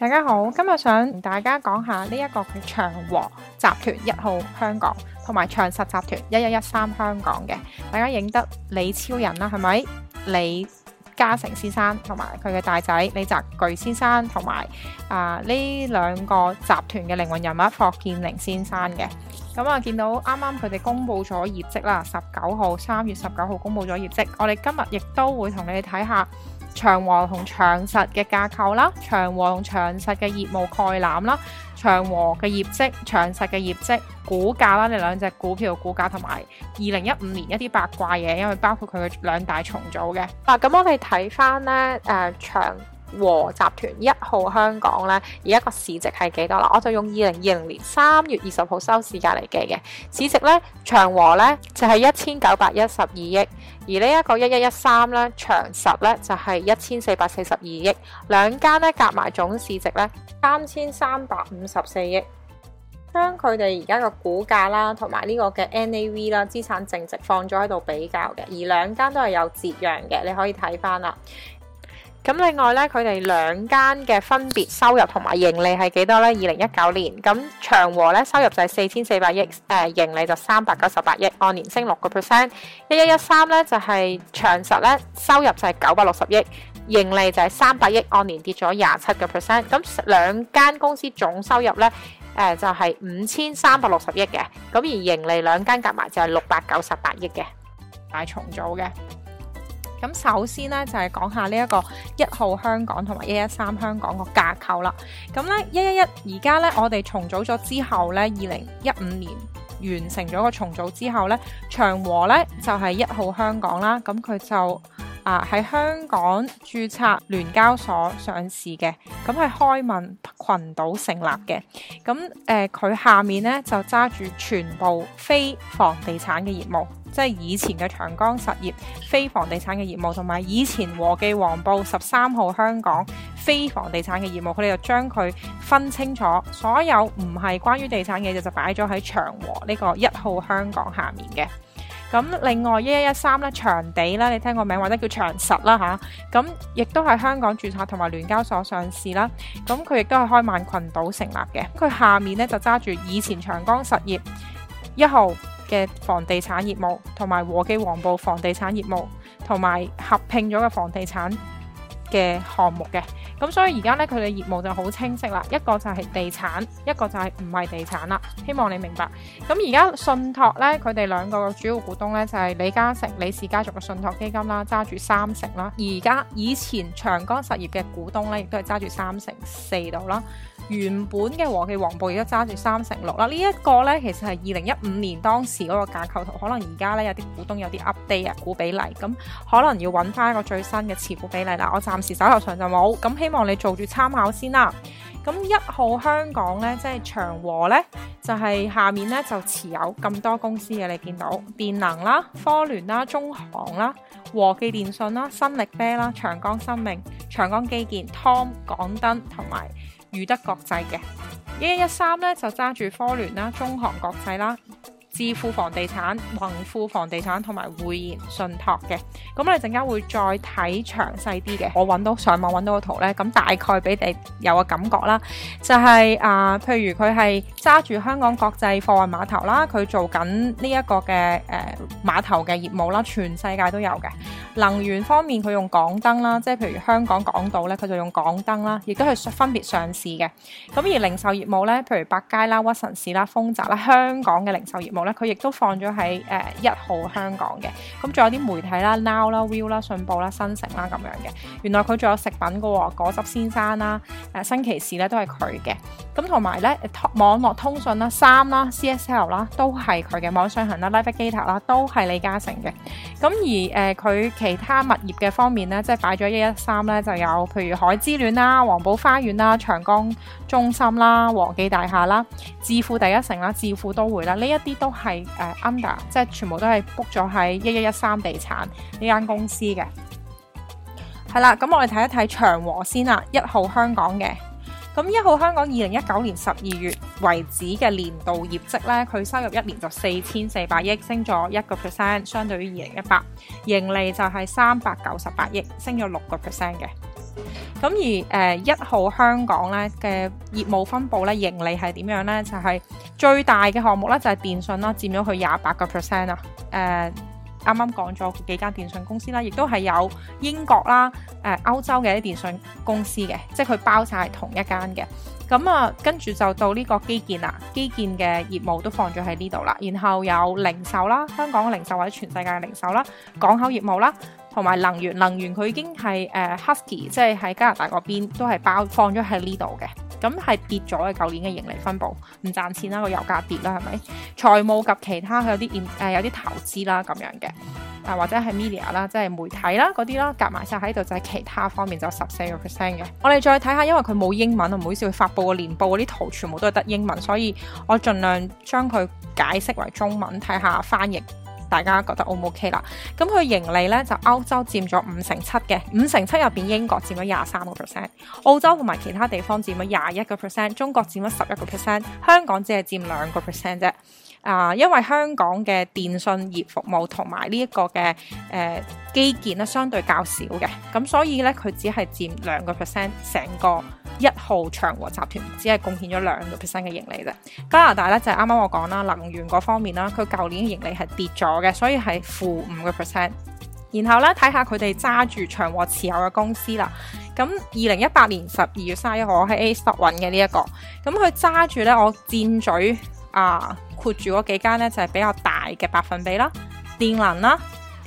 大家好，今日想同大家講下呢一個叫長和集團一號香港，同埋長實集團一一一三香港嘅。大家認得李超人啦，係咪？李嘉誠先生同埋佢嘅大仔李澤鉅先生，同埋啊呢兩個集團嘅靈魂人物霍建寧先生嘅。咁、嗯、啊見到啱啱佢哋公布咗業績啦，十九號三月十九號公布咗業績，我哋今日亦都會同你哋睇下。長和同長實嘅架構啦，長和同長實嘅業務概覽啦，長和嘅業績、長實嘅業績、股價啦，你兩隻股票嘅股價同埋二零一五年一啲八卦嘢，因為包括佢嘅兩大重組嘅。嗱、啊，咁我哋睇翻咧，誒、呃、長。和集團一號香港呢，而一個市值係幾多啦？我就用二零二零年三月二十號收市價嚟計嘅，市值呢長和呢就係一千九百一十二億，而呢一個一一一三呢長實呢就係一千四百四十二億，兩間呢夾埋總市值呢，三千三百五十四億，將佢哋而家嘅股價啦同埋呢個嘅 NAV 啦資產淨值放咗喺度比較嘅，而兩間都係有折讓嘅，你可以睇翻啦。咁另外咧，佢哋兩間嘅分別收入同埋盈利係幾多咧？二零一九年，咁長和咧收入就係四千四百億，誒盈利就三百九十八億，按年升六個 percent。一一一三咧就係長實咧收入就係九百六十億，盈利就係三百億，按年跌咗廿七個 percent。咁兩間公司總收入咧，誒就係五千三百六十億嘅，咁而盈利兩間夾埋就係六百九十八億嘅，係重組嘅。咁首先咧就係講下呢一個一號香港同埋一一三香港個架構啦。咁咧一一一而家咧我哋重組咗之後咧，二零一五年完成咗個重組之後咧，長和咧就係一號香港啦。咁佢就啊喺香港註冊聯交所上市嘅，咁係開曼群島成立嘅。咁誒佢下面咧就揸住全部非房地產嘅業務。即係以前嘅長江實業非房地產嘅業務，同埋以前和記黃埔十三號香港非房地產嘅業務，佢哋就將佢分清楚，所有唔係關於地產嘅嘢就擺咗喺長和呢個一號香港下面嘅。咁另外一一一三咧長地咧，你聽個名或者叫長實啦嚇，咁亦都係香港註冊同埋聯交所上市啦。咁佢亦都係開曼群島成立嘅。佢下面咧就揸住以前長江實業一號。嘅房地產業務同埋和記黃埔房地產業務，同埋合併咗嘅房地產嘅項目嘅，咁所以而家呢，佢哋業務就好清晰啦，一個就係地產，一個就係唔係地產啦。希望你明白。咁而家信託呢，佢哋兩個主要股東呢，就係李嘉誠李氏家族嘅信託基金啦，揸住三成啦。而家以前長江實業嘅股東呢，亦都係揸住三成四度啦。原本嘅和記黃埔而家揸住三成六啦。呢一個呢，其實係二零一五年當時嗰個架構圖，可能而家呢，有啲股東有啲 update 啊股比例咁，可能要揾翻一個最新嘅持股比例啦。我暫時手頭上就冇，咁，希望你做住參考先啦。咁一號香港呢，即係長和呢，就係下面呢，就持有咁多公司嘅。你見到電能啦、科聯啦、中航啦、和記電信啦、新力啤啦、長江生命、長江基建、Tom 港燈同埋。裕德國際嘅一一三咧，就揸住科聯啦、中航國際啦。置富房地產、宏富房地產同埋匯賢信託嘅，咁我哋陣間會再睇詳細啲嘅。我揾到上網揾到個圖咧，咁大概俾你有個感覺啦。就係、是、啊、呃，譬如佢係揸住香港國際貨運碼頭啦，佢做緊呢一個嘅誒、呃、碼頭嘅業務啦，全世界都有嘅。能源方面佢用港燈啦，即係譬如香港港島咧，佢就用港燈啦，亦都係分別上市嘅。咁而零售業務咧，譬如百佳啦、屈臣氏啦、豐澤啦，香港嘅零售業務。佢亦都放咗喺誒一號香港嘅，咁仲有啲媒體啦、Now 啦、Will 啦、信報啦、新城啦咁樣嘅。原來佢仲有食品嘅喎，果汁先生啦、誒新奇士咧都係佢嘅。咁同埋咧，網絡通訊啦、三啦 CS、C.S.L 啦都係佢嘅網上行啦、Netvigator 啦都係李嘉誠嘅。咁而誒佢其他物業嘅方面咧，即係擺咗一一三咧，就有譬如海之戀啦、黃埔花園啦、長江中心啦、和記大廈啦、置富第一城啦、置富都會啦，呢一啲都係。係誒 under，即係全部都係 book 咗喺一一一三地產呢間公司嘅，係啦，咁我哋睇一睇長和先啦，一號香港嘅，咁一號香港二零一九年十二月為止嘅年度業績呢，佢收入一年就四千四百億，升咗一個 percent，相對於二零一八，盈利就係三百九十八億，升咗六個 percent 嘅。咁而誒一、呃、號香港咧嘅業務分布咧盈利係點樣呢？就係、是、最大嘅項目咧就係電信啦，佔咗佢廿八個 percent 啊。誒，啱啱講咗幾間電信公司啦，亦都係有英國啦、誒、呃、歐洲嘅啲電信公司嘅，即係佢包晒同一間嘅。咁、嗯、啊，跟住就到呢個基建啦，基建嘅業務都放咗喺呢度啦。然後有零售啦，香港嘅零售或者全世界嘅零售啦，港口業務啦。同埋能源，能源佢已經係誒、uh, Husky 即係喺加拿大嗰邊都係包放咗喺呢度嘅，咁係跌咗嘅。舊年嘅盈利分布唔賺錢啦，個油價跌啦，係咪？財務及其他佢有啲誒、呃、有啲投資啦咁樣嘅，啊或者係 media 啦，即係媒體啦嗰啲啦，夾埋晒喺度就係、是、其他方面就十四個 percent 嘅。 我哋再睇下，因為佢冇英文啊，唔好意思，佢發佈個年報嗰啲圖全部都係得英文，所以我盡量將佢解釋為中文，睇下翻譯。大家覺得 O 唔 OK 啦？咁佢盈利咧就歐洲佔咗五成七嘅，五成七入面英國佔咗廿三個 percent，澳洲同埋其他地方佔咗廿一個 percent，中國佔咗十一個 percent，香港只係佔兩個 percent 啫。啊，因為香港嘅電信業服務同埋呢一個嘅誒、呃、基建咧相對較少嘅，咁所以咧佢只係佔兩個 percent 成個。一號長和集團只係貢獻咗兩個 percent 嘅盈利啫。加拿大咧就係啱啱我講啦，能源嗰方面啦，佢舊年盈利係跌咗嘅，所以係負五個 percent。然後咧睇下佢哋揸住長和持有嘅公司啦。咁二零一八年十二月三十一號喺 A Stock 揾嘅呢、這、一個，咁佢揸住咧我箭咀啊括住嗰幾間咧就係比較大嘅百分比啦，電能啦。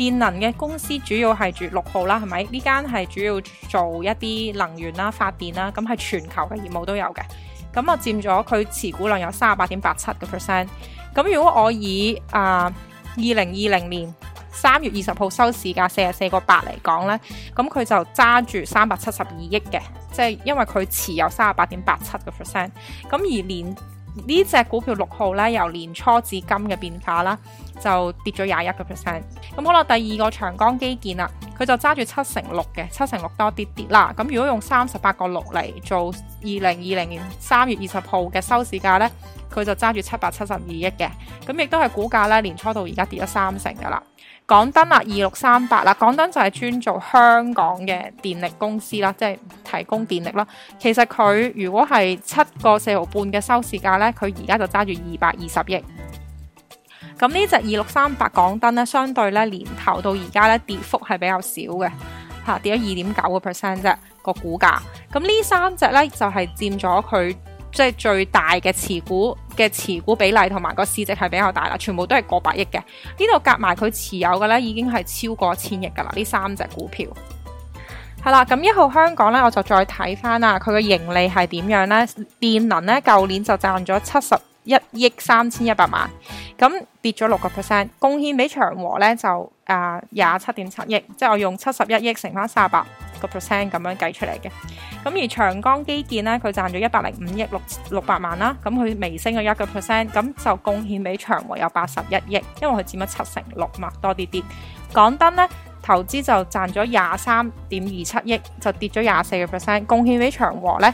電能嘅公司主要係住六號啦，係咪？呢間係主要做一啲能源啦、發電啦，咁係全球嘅業務都有嘅。咁啊，佔咗佢持股量有三十八點八七個 percent。咁如果我以啊二零二零年三月二十號收市價四十四個八嚟講呢，咁佢就揸住三百七十二億嘅，即係因為佢持有三十八點八七個 percent。咁而年呢隻股票六號呢，由年初至今嘅變化啦。就跌咗廿一個 percent，咁好啦。第二個長江基建啦，佢就揸住七成六嘅，七成六多跌跌啦。咁如果用三十八個六嚟做二零二零年三月二十號嘅收市價呢，佢就揸住七百七十二億嘅，咁亦都係股價呢，年初到而家跌咗三成噶啦。港燈啊，二六三八啦，港燈就係專做香港嘅電力公司啦，即係提供電力啦。其實佢如果係七個四毫半嘅收市價呢，佢而家就揸住二百二十億。咁呢隻二六三八港燈咧，相對咧年頭到而家咧跌幅係比較少嘅，嚇跌咗二點九個 percent 啫，個股價。咁呢三隻咧就係佔咗佢即係最大嘅持股嘅持股比例同埋個市值係比較大啦，全部都係過百億嘅。呢度夾埋佢持有嘅咧已經係超過千億噶啦，呢三隻股票。係啦，咁一號香港咧，我就再睇翻啦，佢嘅盈利係點樣咧？電能咧，舊年就賺咗七十。一億三千一百萬，咁跌咗六個 percent，貢獻俾長和咧就誒廿七點七億，即係我用七十一億乘翻卅八個 percent 咁樣計出嚟嘅。咁而長江基建咧，佢賺咗一百零五億六六百萬啦，咁佢微升咗一個 percent，咁就貢獻俾長和有八十一億，因為佢佔咗七成六嘛，多啲啲。港燈咧投資就賺咗廿三點二七億，就跌咗廿四個 percent，貢獻俾長和咧。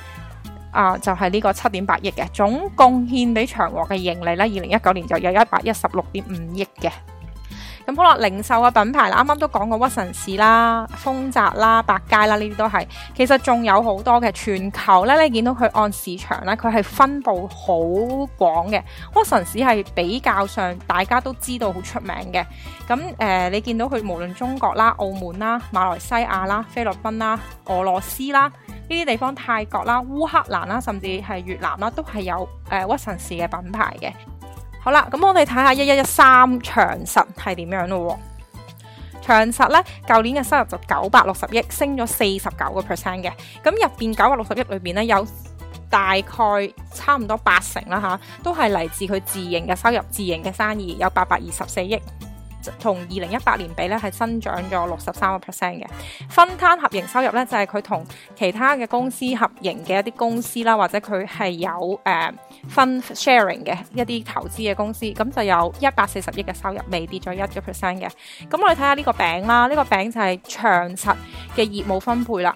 啊，就係、是、呢個七點八億嘅總貢獻俾長和嘅盈利咧，二零一九年就有一百一十六點五億嘅。咁好啦，零售嘅品牌剛剛啦，啱啱都講過屈臣氏啦、豐澤啦、百佳啦，呢啲都係。其實仲有好多嘅全球咧，你見到佢按市場咧，佢係分布好廣嘅。屈臣氏係比較上大家都知道好出名嘅。咁誒、呃，你見到佢無論中國啦、澳門啦、馬來西亞啦、菲律賓啦、俄羅斯啦。呢啲地方，泰國啦、烏克蘭啦，甚至係越南啦，都係有誒屈臣氏嘅品牌嘅。好啦，咁我哋睇下一一一三長實係點樣咯喎、啊？長實呢，舊年嘅收入就九百六十億，升咗四十九個 percent 嘅。咁入邊九百六十億裏邊呢，有大概差唔多八成啦嚇，都係嚟自佢自營嘅收入，自營嘅生意有八百二十四億。同二零一八年比咧，係增長咗六十三個 percent 嘅分攤合營收入咧，就係佢同其他嘅公司合營嘅一啲公司啦，或者佢係有誒分、uh, sharing 嘅一啲投資嘅公司，咁就有一百四十億嘅收入，未跌咗一個 percent 嘅。咁我哋睇下呢個餅啦，呢、這個餅就係長實嘅業務分配啦。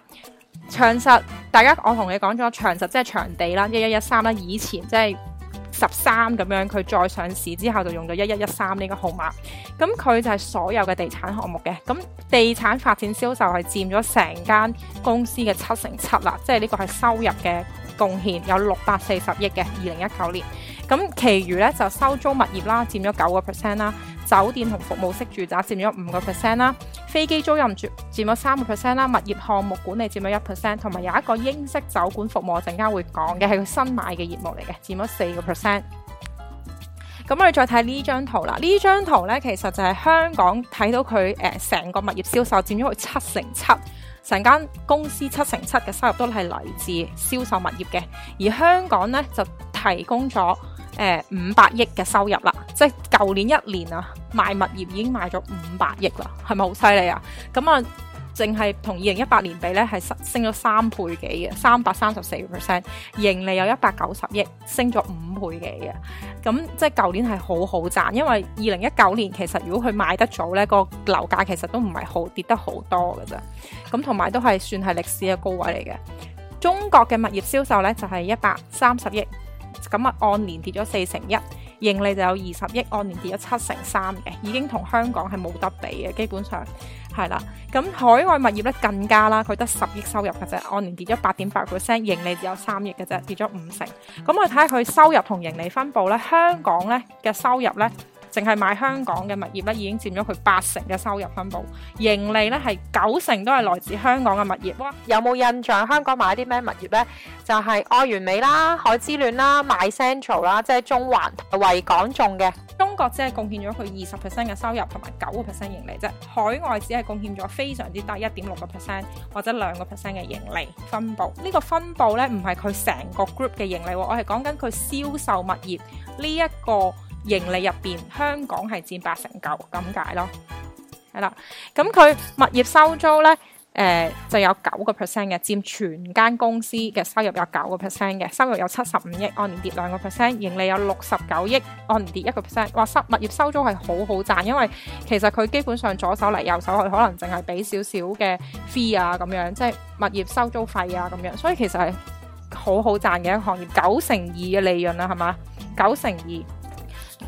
長實，大家我同你講咗長實即係長地啦，一一一三啦，以前即係。十三咁樣，佢再上市之後就用咗一一一三呢個號碼。咁佢就係所有嘅地產項目嘅。咁地產發展銷售係佔咗成間公司嘅七成七啦，即係呢個係收入嘅貢獻，有六百四十億嘅二零一九年。咁其餘呢就收租物業啦，佔咗九個 percent 啦，酒店同服務式住宅佔咗五個 percent 啦。飛機租賃佔咗三個 percent 啦，物業項目管理佔咗一 percent，同埋有一個英式酒館服務，陣間會講嘅係佢新買嘅業務嚟嘅，佔咗四個 percent。咁我哋再睇呢張圖啦，呢張圖呢，其實就係香港睇到佢誒成個物業銷售佔咗佢七成七，成間公司七成七嘅收入都係嚟自銷售物業嘅，而香港呢就提供咗。誒，五百億嘅收入啦，即係舊年一年啊，賣物業已經賣咗五百億啦，係咪好犀利啊？咁啊，淨係同二零一八年比咧，係升咗三倍幾嘅，三百三十四 percent，盈利有一百九十億，升咗五倍幾嘅。咁即係舊年係好好賺，因為二零一九年其實如果佢賣得早咧，嗰個樓價其實都唔係好跌得好多嘅啫。咁同埋都係算係歷史嘅高位嚟嘅。中國嘅物業銷售咧就係一百三十億。.咁啊，按年跌咗四成一，盈利就有二十億，按年跌咗七成三嘅，已經同香港係冇得比嘅，基本上係啦。咁海外物業咧更加啦，佢得十億收入嘅啫，按年跌咗八點八 percent，盈利只有三億嘅啫，跌咗五成。咁我睇下佢收入同盈利分佈咧，香港咧嘅收入咧。.淨係買香港嘅物業咧，已經佔咗佢八成嘅收入分佈，盈利咧係九成都係來自香港嘅物業。哇，有冇印象香港買啲咩物業呢？就係、是、愛完美啦、海之戀啦、My Central 啦，即係中環維港眾嘅。中國只係貢獻咗佢二十 percent 嘅收入同埋九個 percent 盈利啫。即海外只係貢獻咗非常之低一點六個 percent 或者兩個 percent 嘅盈利分佈。呢、呢個分佈呢，唔係佢成個 group 嘅盈利，我係講緊佢銷售物業呢一、這個。盈利入面，香港係佔八成九咁解咯，係啦。咁佢物業收租呢，誒就有九個 percent 嘅，佔全間公司嘅收入有九個 percent 嘅收入有七十五億，按年跌兩個 percent，盈利有六十九億，按年跌一個 percent。哇！話物業收租係好好賺，因為其實佢基本上左手嚟右手去，可能淨係俾少少嘅 fee 啊，咁樣即係物業收租費啊，咁樣，所以其實係好好賺嘅一個行業，九成二嘅利潤啦，係嘛？九成二。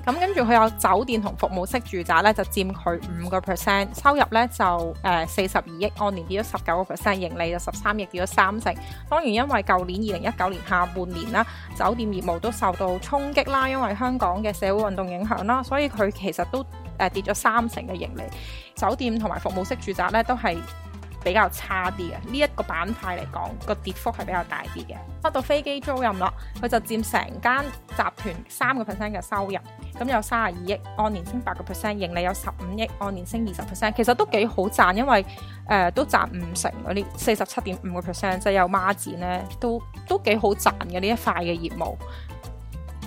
咁跟住佢有酒店同服務式住宅咧，就佔佢五個 percent。收入咧，就誒四十二億，按年跌咗十九個 percent，盈利就十三億跌咗三成。當然因為舊年二零一九年下半年啦，酒店業務都受到衝擊啦，因為香港嘅社會運動影響啦，所以佢其實都誒、呃、跌咗三成嘅盈利。酒店同埋服務式住宅咧都係。比較差啲嘅，呢、這、一個板塊嚟講，個跌幅係比較大啲嘅。落到飛機租賃啦，佢就佔成間集團三個 percent 嘅收入，咁有三十二億，按年升八個 percent 盈利有十五億，按年升二十 percent，其實都幾好賺，因為誒、呃、都賺五成嗰啲四十七點五個 percent，即係有孖展咧，都都幾好賺嘅呢一塊嘅業務。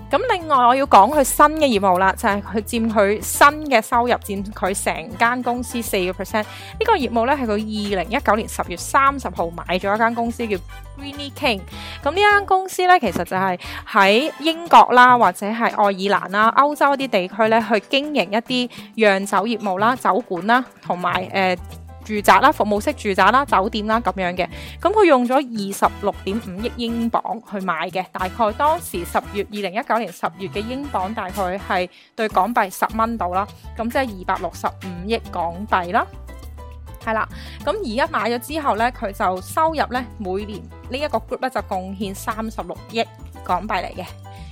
咁另外我要講佢新嘅業務啦，就係佢佔佢新嘅收入佔佢成間公司四個 percent。呢個業務咧，係佢二零一九年十月三十號買咗一間公司叫 Greene King。咁呢間公司咧，其實就係喺英國啦，或者係愛爾蘭啦，歐洲一啲地區咧，去經營一啲釀酒業務啦、酒館啦、同埋誒。住宅啦，服務式住宅啦，酒店啦咁樣嘅，咁佢用咗二十六點五億英鎊去買嘅，大概當時十月，二零一九年十月嘅英鎊大概係對港幣十蚊度啦，咁即係二百六十五億港幣啦，係啦，咁而家買咗之後呢，佢就收入呢，每年呢一個 group 咧就貢獻三十六億港幣嚟嘅。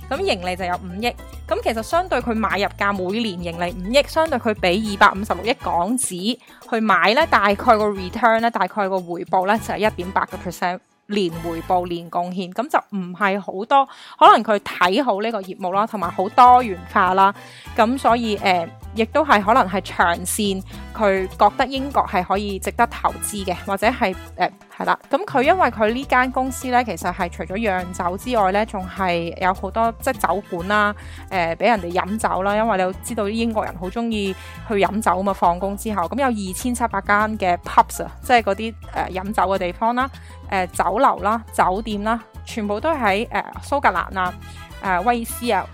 咁盈利就有五億，咁其實相對佢買入價每年盈利五億，相對佢俾二百五十六億港紙去買呢，大概個 return 呢，大概個回報呢就係一點八個 percent 年回報，年貢獻，咁就唔係好多，可能佢睇好呢個業務啦，同埋好多元化啦，咁所以誒。呃亦都係可能係長線，佢覺得英國係可以值得投資嘅，或者係誒係啦。咁、呃、佢因為佢呢間公司呢，其實係除咗釀酒之外呢，仲係有好多即酒館啦、誒、呃、俾人哋飲酒啦。因為你知道啲英國人好中意去飲酒嘛，放工之後咁有二千七百間嘅 pubs，即係嗰啲誒飲酒嘅地方啦、誒、呃、酒樓啦、酒店啦，全部都喺誒、呃、蘇格蘭啊、誒、呃、威斯啊。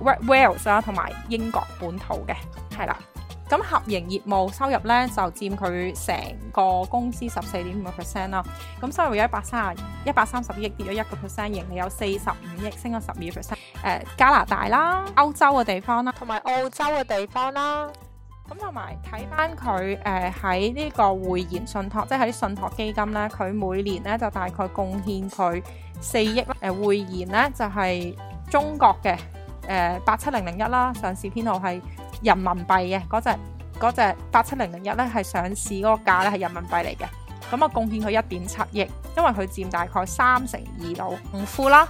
Wales 啊，同埋英國本土嘅，係啦。咁合營業務收入咧，就佔佢成個公司十四點五個 percent 啦。咁收入有一百三啊一百三十億，跌咗一個 percent，盈利有四十五億，升咗十二 percent。誒、呃、加拿大啦、歐洲嘅地方啦，同埋澳洲嘅地方啦。咁同埋睇翻佢誒喺呢個匯賢信託，即係喺啲信託基金咧，佢每年咧就大概貢獻佢四億誒、呃、匯賢咧，就係、是、中國嘅。誒八七零零一啦，呃、1, 上市編號係人民幣嘅嗰隻隻八七零零一咧，係、那個那個、上市嗰個價咧係人民幣嚟嘅，咁我貢獻佢一點七億，因為佢佔大概三成二到唔富啦，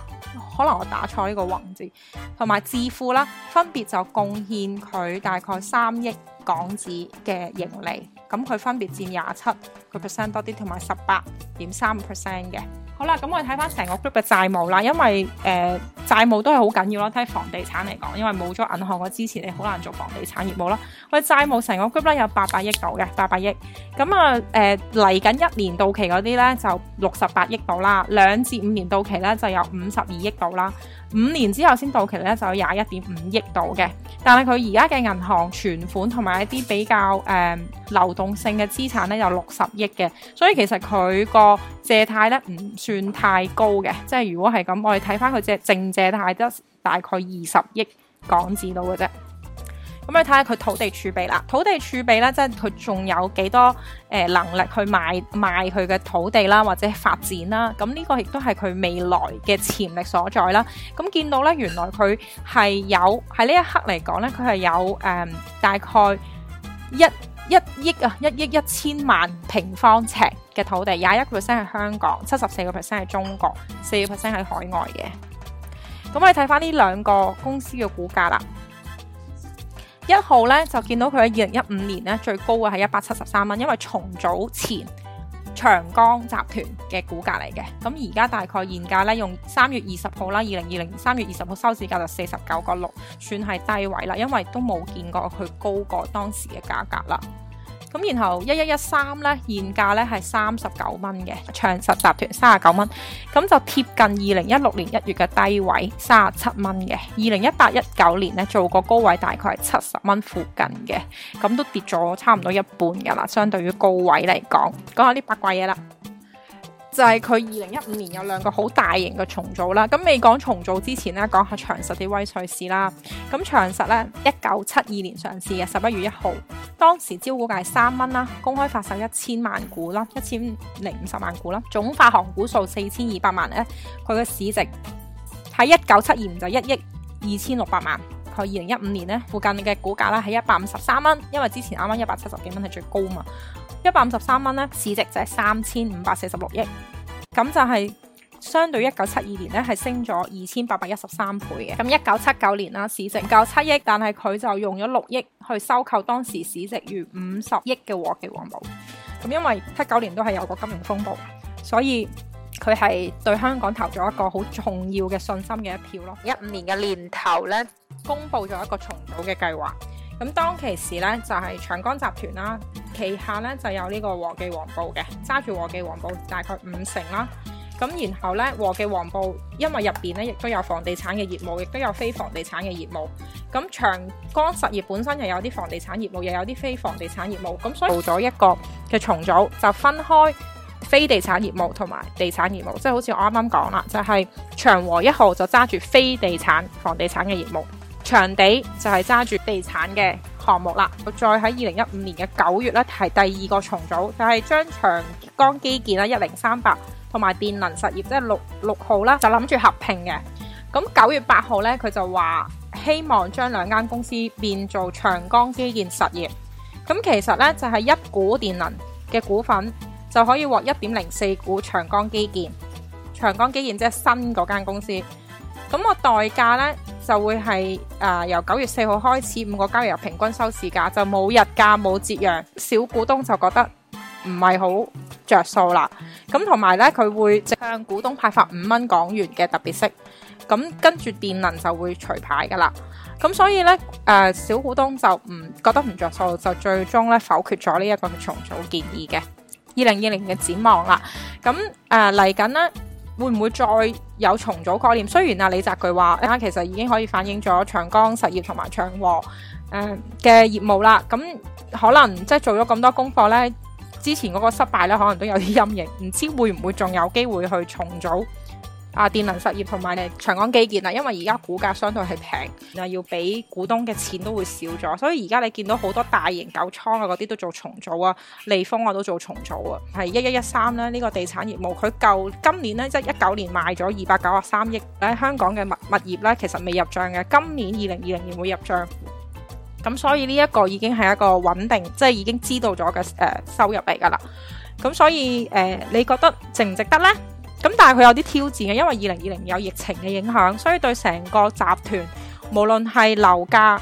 可能我打錯呢個宏字，同埋智富啦，分別就貢獻佢大概三億港紙嘅盈利。咁佢分別佔廿七個 percent 多啲，同埋十八點三 percent 嘅。好啦，咁我哋睇翻成個 group 嘅債務啦，因為誒、呃、債務都係好緊要咯。睇下房地產嚟講，因為冇咗銀行嘅支持，你好難做房地產業務啦。我哋債務成個 group 咧有八百億度嘅，八百億。咁啊誒嚟緊一年到期嗰啲咧就六十八億度啦，兩至五年到期咧就有五十二億度啦。五年之後先到期咧，就有廿一點五億度嘅。但係佢而家嘅銀行存款同埋一啲比較誒、嗯、流動性嘅資產咧，有六十億嘅。所以其實佢個借貸咧唔算太高嘅。即係如果係咁，我哋睇翻佢借淨借貸得大概二十億港紙度嘅啫。咁你睇下佢土地儲備啦，土地儲備咧，即係佢仲有幾多誒能力去賣賣佢嘅土地啦，或者發展啦。咁呢個亦都係佢未來嘅潛力所在啦。咁見到咧，原來佢係有喺呢一刻嚟講咧，佢係有誒大概一一億啊，一億一千萬平方尺嘅土地，廿一個 percent 係香港，七十四個 percent 係中國，四個 percent 係海外嘅。咁我哋睇翻呢兩個公司嘅股價啦。一號咧就見到佢喺二零一五年咧最高嘅係一百七十三蚊，因為重組前長江集團嘅股價嚟嘅，咁而家大概現價咧用三月二十號啦，二零二零三月二十號收市價就四十九個六，算係低位啦，因為都冇見過佢高過當時嘅價格啦。咁然後一一一三咧現價咧係三十九蚊嘅長實集團三十九蚊，咁就貼近二零一六年一月嘅低位三十七蚊嘅。二零一八一九年咧做過高位大概係七十蚊附近嘅，咁都跌咗差唔多一半噶啦，相對於高位嚟講。講下呢八卦嘢啦。就係佢二零一五年有兩個好大型嘅重組啦，咁未講重組之前呢，講下長實啲威賽事啦。咁長實呢，一九七二年上市嘅十一月一號，當時招股價係三蚊啦，公開發售一千萬股啦，一千零五十萬股啦，總發行股數四千二百萬呢，佢嘅市值喺一九七二年就一億二千六百萬，佢二零一五年呢，附近嘅股價啦喺一百五十三蚊，因為之前啱啱一百七十幾蚊係最高嘛。一百五十三蚊咧，市值就係三千五百四十六億，咁就係相對一九七二年咧係升咗二千八百一十三倍嘅。咁一九七九年啦，市值夠七億，但係佢就用咗六億去收購當時市值約五十億嘅和記黃埔。咁因為七九年都係有個金融風暴，所以佢係對香港投咗一個好重要嘅信心嘅一票咯。一五年嘅年頭咧，公布咗一個重組嘅計劃。咁當其時咧，就係長江集團啦，旗下咧就有呢個和記黃埔嘅，揸住和記黃埔大概五成啦。咁然後咧，和記黃埔因為入邊咧亦都有房地產嘅業務，亦都有非房地產嘅業務。咁長江實業本身又有啲房地產業務，又有啲非房地產業務。咁所以做咗一個嘅重組，就分開非地產業務同埋地產業務，即係好似我啱啱講啦，就係長和一號就揸住非地產、房地產嘅業務。長地就係揸住地產嘅項目啦，再喺二零一五年嘅九月咧提第二個重組，就係將長江基建啦、一零三八同埋電能實業即係六六號啦，就諗住合併嘅。咁九月八號呢，佢就話希望將兩間公司變做長江基建實業。咁其實呢，就係一股電能嘅股份就可以獲一點零四股長江基建，長江基建即係新嗰間公司。咁個代價呢，就會係誒由九月四號開始五個交易日平均收市價，就冇日價冇折讓，小股東就覺得唔係好着數啦。咁同埋咧，佢會即向股東派發五蚊港元嘅特別息，咁跟住電能就會除牌噶啦。咁所以咧誒小股東就唔覺得唔着數，就最終咧否決咗呢一個重組建議嘅二零二零嘅展望啦。咁誒嚟緊咧，會唔會再有重組概念？雖然啊，李澤鉅話，而家其實已經可以反映咗長江實業同埋長和嘅業務啦。咁、嗯、可能即係做咗咁多功課呢，之前嗰個失敗呢，可能都有啲陰影。唔知會唔會仲有機會去重組？啊，電能實業同埋誒長江基建啊，因為而家股價相對係平，嗱要俾股東嘅錢都會少咗，所以而家你見到好多大型九倉啊，嗰啲都做重組啊，利豐我都做重組啊，係一一一三啦，呢、這個地產業務佢舊今年咧即係一九年賣咗二百九啊三億咧香港嘅物物業咧其實未入賬嘅，今年二零二零年會入賬，咁所以呢一個已經係一個穩定，即、就、係、是、已經知道咗嘅誒收入嚟噶啦，咁所以誒、呃、你覺得值唔值得呢？咁但係佢有啲挑戰，因為二零二零有疫情嘅影響，所以對成個集團，無論係樓價，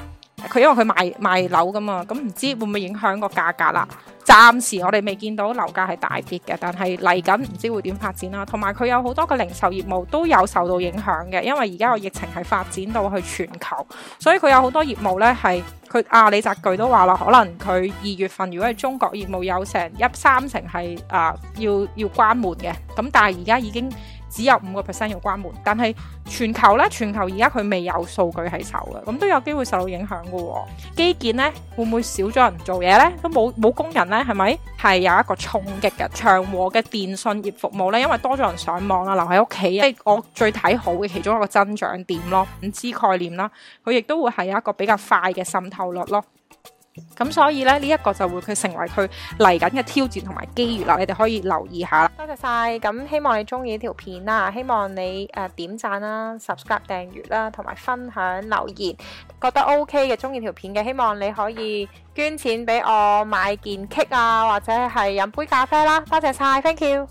佢因為佢賣賣樓㗎嘛，咁唔知會唔會影響個價格啦？暫時我哋未見到樓價係大跌嘅，但係嚟緊唔知會點發展啦。同埋佢有好多個零售業務都有受到影響嘅，因為而家個疫情係發展到去全球，所以佢有好多業務呢係佢阿李澤鉅都話啦，可能佢二月份如果係中國業務有成一三成係啊、呃、要要關門嘅，咁但係而家已經只有五個 percent 要關門，但係全球咧，全球而家佢未有數據喺手嘅，咁都有機會受到影響㗎喎。基建呢，會唔會少咗人做嘢呢？都冇冇工人呢，係咪係有一個衝擊嘅？長和嘅電信業服務呢，因為多咗人上網啦，留喺屋企，即係我最睇好嘅其中一個增長點咯，五 G 概念啦，佢亦都會係有一個比較快嘅滲透率咯。咁所以咧，呢、這、一個就會佢成為佢嚟緊嘅挑戰同埋機遇啦。你哋可以留意下啦。多謝晒，咁希望你中意條片啦，希望你誒點讚啦、subscribe 訂閱啦、同埋分享留言。覺得 OK 嘅，中意條片嘅，希望你可以捐錢俾我買件 kick 啊，或者係飲杯咖啡啦。多謝晒，Thank you。謝謝。